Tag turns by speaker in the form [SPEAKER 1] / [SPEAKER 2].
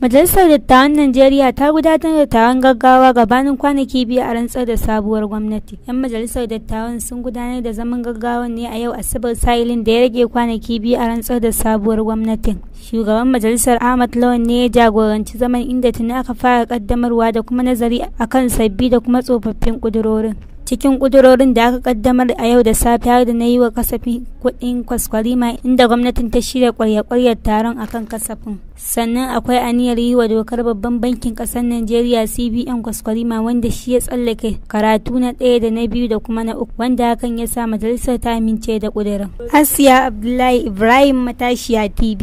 [SPEAKER 1] Majalisar Dattawan Najeriya ta gudanar da taron gaggawa gabanin kwanaki biyu a rantsar da sabuwar gwamnati. 'Yan majalisar dattawan sun gudanar da zaman gaggawa ne a yau Asabar Sahilin da ya rage kwanaki biyu a rantsar da sabuwar gwamnatin. Shugaban majalisar Ahmad Lawan ne ya jagoranci zaman inda tuni aka fara kaddamarwa da kuma nazari akan sabbi da kuma tsofaffin ƙudurorin. cikin kudurorin da aka kaddamar a yau da safe har da na yi wa kasafin kuɗin kwaskwarima inda gwamnatin ta shirya kwarya-kwaryar taron akan kasafin sannan akwai aniyar yi wa dokar babban bankin ƙasar najeriya cbn kwaskwarima wanda shi ya tsallake karatu na ɗaya da na biyu da kuma na uku wanda hakan ya sa majalisar ta amince da ƙudurin asiya abdullahi ibrahim matashiya tv